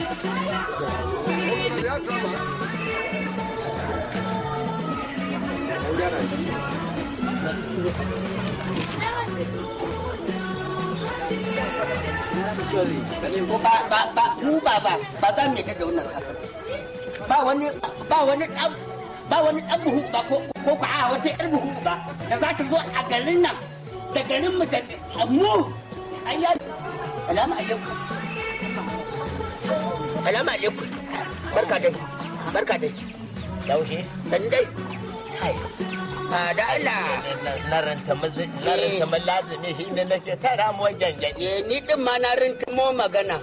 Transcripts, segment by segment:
ba ba ba mu ba ba ba za mu yi da wannan sakar ba wani ba wani dan ba wani dan buhu ba ko ko a wata yar buhu ba da za ta zo a garin nan da garin mu da mu a ayya salamu alaikum Salamu alaikum. Barka dai. Barka dai. Yaushe? Sani dai. Hai. da Allah. Na ranta eh. lazumi shi ne nake ta ramuwar gyangyaɗi. Eh ni din ma na rinta mo magana.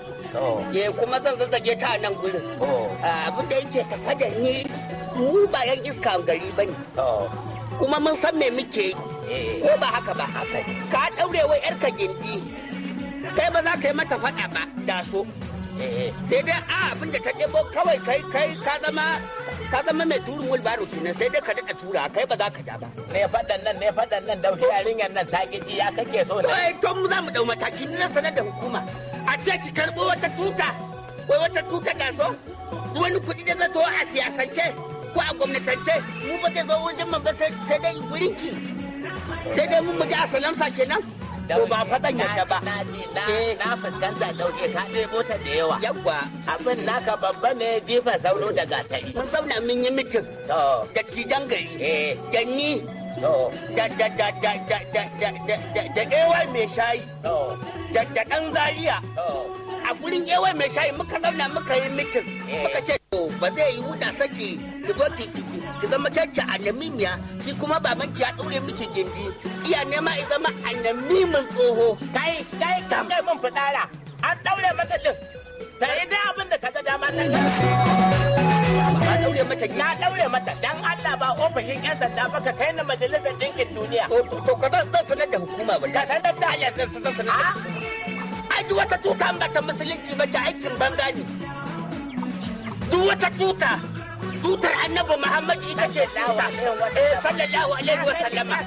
Ye eh, kuma zan zazzage ta nan gurin. Ah, abin da yake tafa da ni mu ba yan iska gari ba ne. Kuma mun san me muke yi. Eh. Ko ba haka ba. haka Ka daure wa yarka gindi. Kai ba za ka yi mata faɗa ba da so. Eh, eh, sai dai a abin da ta ɗebo kawai kai kai ka zama ka zama mai turin wilbaro kenan sai dai ka daɗa tura kai ba za ka ja ba ne faɗan nan ne faɗan nan da yarinyar nan ta ƙi ya kake so na. ai to mu za mu ɗau mataki na sanar da hukuma a ce ki karɓo wata tuta wai wata tuta da so wani kuɗi da zato a siyasance ko a gwamnatance mu ba zai zo wajen mu ba sai dai gurinki sai dai mun mu ji a salamsa kenan to ba fadan yadda ba na fuskanta dauke ka ɗebo ta da yawa yawa abin naka babba ne jifa sauro da gatari mun zauna mun yi mitin da cijan gari eh. da ni da da da da da da da da da ewa mai shayi da da dan zaria a gurin ewa mai shayi muka zauna muka yi mitin eh. muka ce ba zai yi wuda saki ki zo ki ki zama kyakki annamimiya shi kuma baban manki ya ɗaure miki gindi iya nema ya zama annamimin tsoho kai kai kam kai mun fitsara an ɗaure mata din ta yi da abin da kaga dama ta ɗaure mata na ɗaure mata dan Allah ba ofishin yan sanda ba ka kai na majalisar ɗinkin duniya to ka zan sanar da hukuma ba ka sanar da Allah zan sanar da ah? ai duk wata tuta ba ta musulunci ba ta aikin banza ne duk wata tuta tutar annabi muhammad ita ce tuta eh sallallahu alaihi wa sallama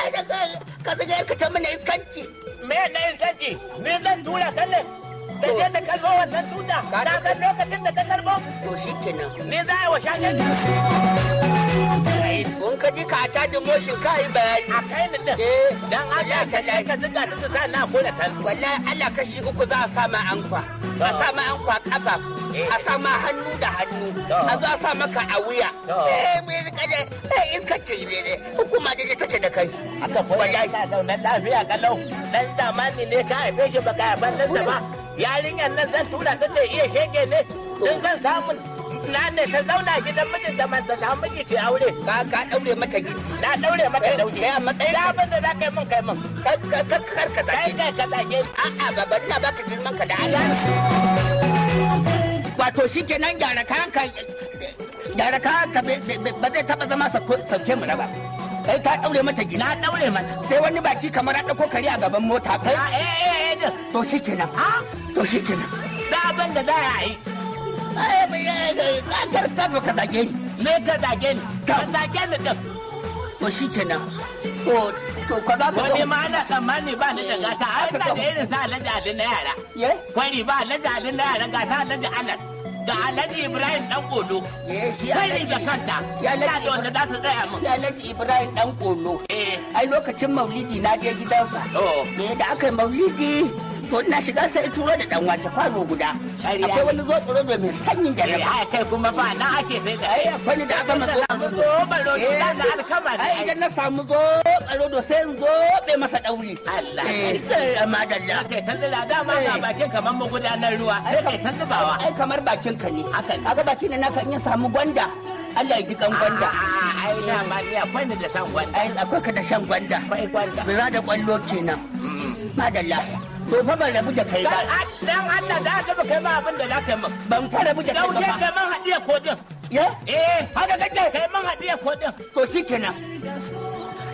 ai da kai ka zage ka ta mana iskanci me na iskanci ni zan tura sallan da je ta kalbo wannan tuta da san lokacin da ta kalbo to shikenan ni za a wa shashen kun ka ji ka ta dimo shi kai bayani a kai ni din eh. dan Allah ka ka zuga zuga sa na kula tan wallahi Allah kashi uku za a sa ma anfa a sa ma an kwa kafa eh. a sa ma hannu da hannu a zo a sa maka a wuya eh me kaje eh ce ne hukuma da ta ce da kai haka ko ya ta zauna lafiya kalau dan zamani ne ka haife shi baka ban nan da ba yarinyar nan zan tura ta iya shege ne dan zan samu na ne ta zauna gidan mijinta man ta samu miji ta aure ka ka daure mata gindi na daure mata dauki kai amma kai abin da za ka yi min kai min kar ka zage kai kai ka zage a'a baba ina baka girman ka da Allah wato shikenan gyara kayan ka gyara kayan ka ba zai taba zama sauke mu ba kai ka daure mata gina na daure mata sai wani baki kamar an dauko kari a gaban mota kai ah, eh, eh, eh, to shikenan ah. to shikenan da abin da za a yi Zakar ka baka zage ni, me ka zage ni, ka zage ni din. To shi kenan. To to ka za ka Wani ma ana tsammani ba ni da gata, ai ina da irin sa alaji alin na yara. Ye? Kwari ba alaji alin na yara gata alaji alas. Ga alaji Ibrahim dan kolo. Kwari da kanta. Ya alaji wanda za su tsaya mun. Ya alaji Ibrahim dan kolo. Eh. Ai lokacin maulidi na je gidansa. Oh. Da aka yi maulidi. to ina shiga sai turo da dan wake kwano guda akwai wani zotsoro da mai sanyin da ya kai kuma ba na ake sai da ai akwai ni da aka mazo zotsoro eh. da na alkama ai idan na samu zotsoro da sai in be masa dauri Allah eh, sai Allah kai da dama ga eh. bakin kamar magudanar ruwa kai kai bawa? ai kamar bakin ka ne haka kaga bakin shine naka in ya samu gwanda Allah ya ji kan gwanda ah, ai na ma ni akwai ne da san gwanda ai akwai ka da shan gwanda akwai gwanda zira da kwallo kenan mm. madalla to fa ban rabu da kai ba dan Allah da ka kai ba abin da za ka yi min ban fa rabu da kai ba yau kai man hadiya din. ya eh haka kake. kai man hadiya din. to shikenan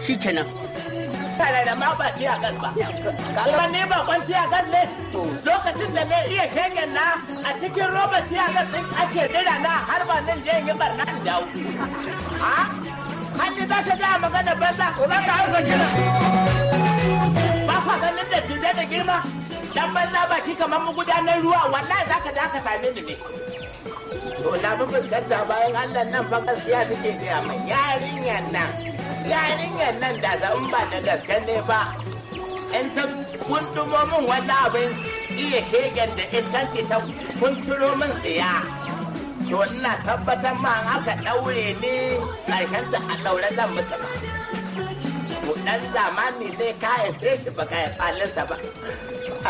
shikenan sana da ma ba tiya gas ba Kuma ne ba kwan tiya gas ne lokacin da ne iya shegen na a cikin roba tiya gas din ake dira na har ba nan je yi barna da dawo ha hannu za ta ga magana banza ko za ka harba kira kwa ganin da tije da girma dan banza baki kamar magudanar ruwa wallahi zaka da ka same ni ne to na bi bayan Allah nan fa gaskiya take gaya mai yarinyan nan yarinyan nan da zan ba da gaske ne ba in ta kundumo min wani abin iya kegen da in ta kunturo min tsiya to ina tabbatar ma aka ɗaure ni tsarkanta a ɗaure zan mutu ba dan zamani ne ka haife shi ba ka haifa linsa ba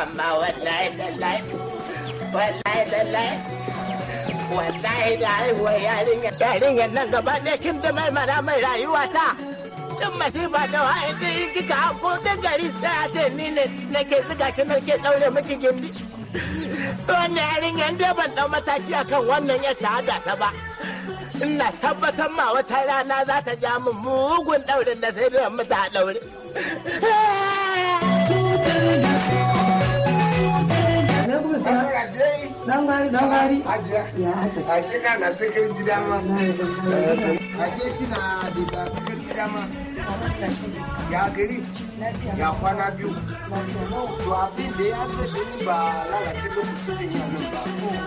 amma wallahi dallahi wallahi dallahi wallahi da haihuwar yarinya yarinyar nan gaba ɗaya kin da mai mara mai rayuwa ta din masifa da wa'in din kika hako din gari sai a ce ni ne nake zuga ki nake ɗaure miki gindi wannan yarinyar dai ban ɗau mataki akan wannan ya shahada ta ba ina tabbatar ma wata rana za ta ja min mugun ɗaurin da sai da mutu a ɗaure Ajiya. a shekara na ji dama a shekara na sukar ji dama ya gari ya kwana biyu to abin da ya ba lalace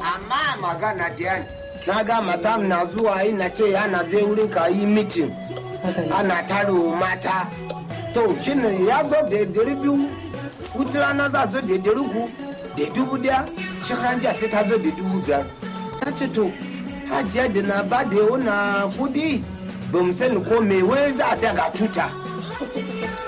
amma magana da na ga na zuwa ina ce ana je wurin ka yi mitin ana taro mata to shine ya zo da dari biyu za zo da dari da dubu daya shekaran jiya sai ta zo da dubu biyar ce to hajiya da na ba da yana kudi ba mu sani ko me wai za a daga tuta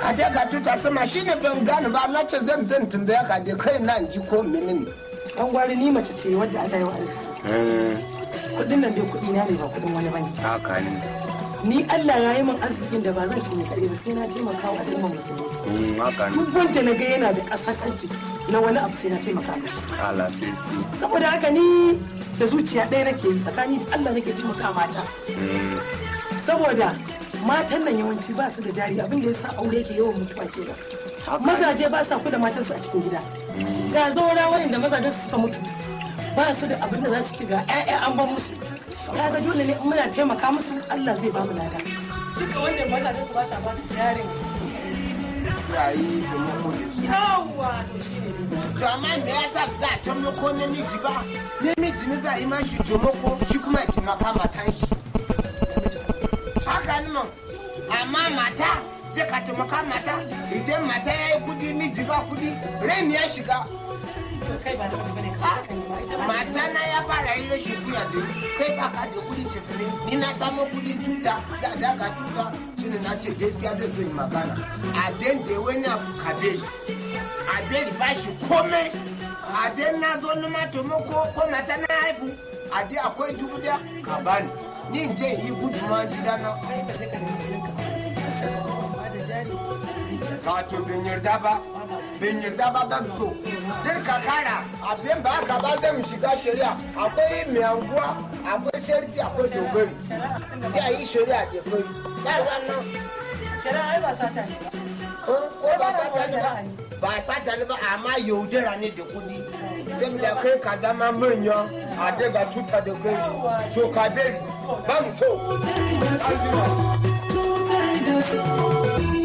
a daga tuta sama ne ban gane ba na ce zan zan tambaya ka da kai na ji ko mini ne kan gwari ni mace ce wadda Allah ya wa'azi eh. kudin nan zai kudi na ne ba kudin wani bane haka ne ni Allah ya yi min arzikin da ba zan cinye kaɗai ba sai na taimaka wa al'umma musulmi mm, duk wanda na ga yana da ƙasakanci na wani abu sai na taimaka mishi Allah sai saboda haka ni da zuciya ɗaya nake tsakani da Allah nake taimaka mata mm. saboda matan nan yawanci ba su da jari abin da ya sa aure ke yawan mutuwa ke da, mazaje ba sa kula su a cikin gida ga zaura da mazajen su suka mutu ba su da abin da za su ci ga 'ya'ya an ban musu kaga dole ne in muna taimaka musu Allah zai ba mu lada duka wanda mazajen su ba sa ba su jarin yayi taimako ne su yawa to shine to amma me yasa ba za a taimako namiji ba namiji ne za a yi mashi taimako shi kuma ya taimaka matan shi takalman amma mata zai ka taimaka mata idan mata ya yi kudi miji ba kudi rain ya shiga mata na ya fara yi rashin kuya da kai ba ka da kudi cefane ni na samo kudin tuta za a daga tuta shine na ce gaskiya zai zo magana a den da wani abu kabeli abeli ba shi komai a den na zo numa taimako ko mata na haifu a akwai dubu da ka bani Yin in je yi gudunma gidana wato bin yarda ba bin yarda ba ban so dir ka kara abin ba ka ba zai mu shiga shari'a akwai mai anguwa akwai sarki akwai dogon. sai a yi shari'a da kai ba wannan kira ai ba sata ne ko ba sata ne ba ba sata ne ba amma yaudara ne da kudi saboda kai ka tuta da kai to ka beri ban so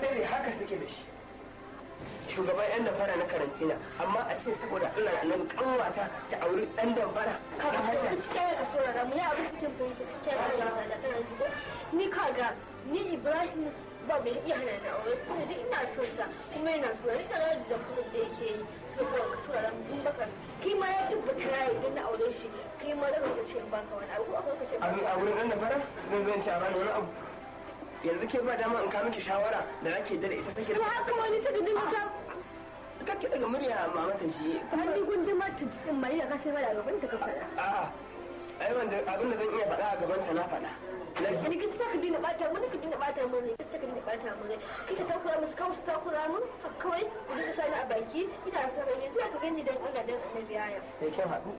ka ne haka suke da shi shugaban yan damfara na karantina amma a ce saboda Allah na nan kanwata ta auri ɗan damfara kan hanya kai ka saurara mu ya bai ni Ibrahim ba mai iya hana na aure su da ina so sa kuma yana so ni da da kudin da yake yi to ka mu baka kai ya tabbata rai na aure shi kai ma ka ce ka wani abu ko ka ce a wurin dan da fara zan zan ci a wani abu yanzu ke ba dama in ka miki shawara da zake da ita take da haka ma ni saka dinga ka ki daga murya mama ta ji ban ni gunduma ta jikin mai ka sai ba da gaban ta ka fada a'a ai wanda abin da zan iya faɗa a gaban ta na faɗa ni kisa ka dina bata ni ka dina bata mun ne kisa ka dina bata mu kai ka takura mu ka su kura mun kawai ku ka sani a baki ina so ne yanzu ka gani dan Allah dan annabi yaya kai kin haɗu